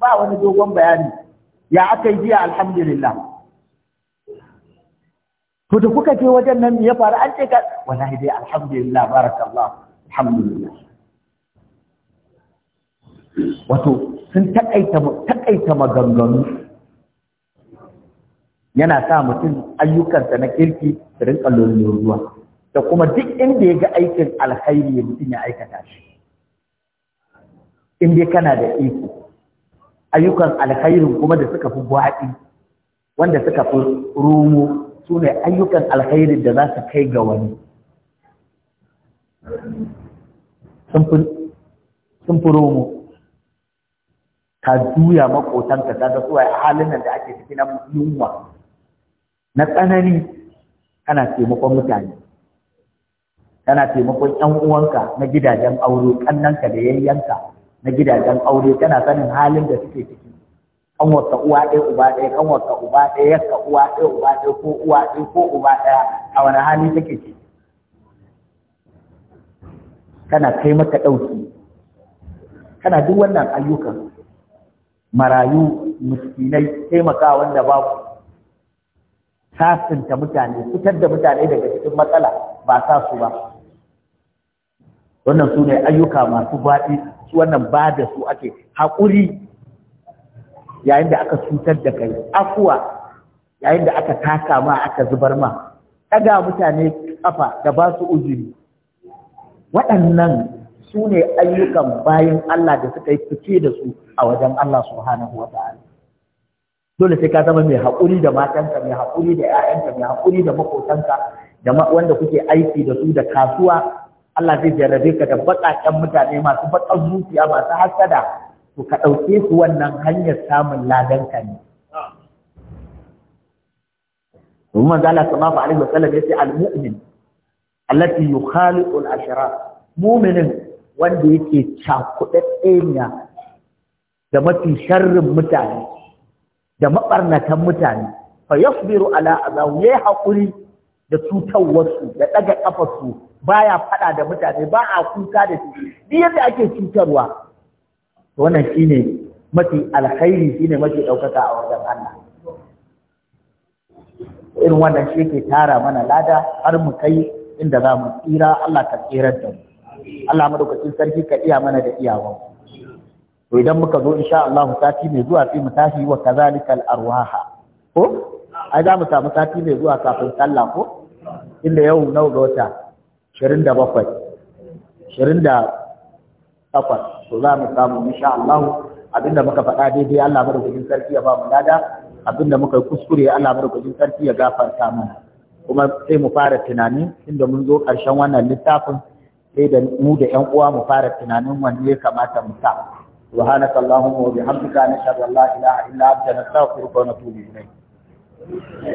ba wani dogon bayani ya aka yi jiya alhamdulillah to da kuka je wajen nan ya faru an ce ka wallahi dai alhamdulillah barakallah alhamdulillah wato sun takaita takaita maganganu yana sa mutum ayyukansa na kirki su rinka ruwa. da kuma duk inda ya ga aikin alkhairi mutum ya aikata shi in dai kana da iko ayyukan alkhairin kuma da suka fi gwaɗi wanda suka fi rumu su ne ayyukan alkhairin da za su kai ga wani sun fi romo ka juya makotanka ta ga suwaye a halin nan da ake fi na yunwa na tsanani kana taimakon mutane kana taimakon 'yan uwanka na gidajen aure ƙannanka da yayyanka na gidajen aure tana sanin halin da suke ciki an wata uwa ɗaya uba ɗaya kan wata uba ɗaya yakka uwa ɗaya uba ɗaya ko uwa ɗaya ko uba ɗaya a wani hali take ciki kana kai mata ɗauki kana duk wannan ayyukan marayu miskinai taimaka wanda babu sasinta mutane fitar da mutane daga cikin matsala ba sa su ba wannan su ne ayyuka masu baɗi su wannan ba da su ake haƙuri yayin da aka cutar da kai afuwa yayin da aka taka ma aka zubar ma ɗaga mutane ƙafa da ba su uzuri waɗannan su ne ayyukan bayan Allah da suka yi fice da su a wajen Allah subhanahu wa ta'ala dole sai ka zama mai haƙuri da matanka mai haƙuri da 'ya'yanka mai haƙuri da makotanka, da wanda kuke aiki da su da kasuwa Allah zai jarrabe ka da baƙaƙen mutane masu baƙar zuciya masu hasada to ka ɗauke su wannan hanyar samun ka ne sama fa Allah sallallahu alaihi ya yace al-mu'min allati yukhaliqu al ashara mu'minin wanda yake cakuɗaɗɗeniya da mafi sharrin mutane da maɓarnatan mutane fa yasbiru ala azaw yayi haƙuri. da cutarwarsu da ɗaga ƙafarsu baya faɗa da mutane ba a kuka da su duk yadda ake cutarwa wannan shine mafi alkhairi shine mafi ɗaukaka a wajen Allah irin wannan shi yake tara mana lada har mu kai inda za mu tsira Allah ka tsirar da mu Allah madaukakin sarki ka iya mana da iyawa. to idan muka zo insha Allah sati mai zuwa fi mu wa kazalikal arwaha ko ai za mu samu sati mai zuwa kafin sallah ko inda yau nawa da wata 27 28 to za mu samu insha Allah abinda muka faɗa daidai Allah madaukakin sarki ya ba mu lada abinda muka kuskure Allah madaukakin sarki ya gafarta mana kuma sai mu fara tunani inda mun zo ƙarshen wannan littafin sai da mu da ƴan uwa mu fara tunanin wanne ya kamata mu sa سبحانك اللهم وبحمدك نشهد ان لا اله الا انت نستغفرك ونتوب اليك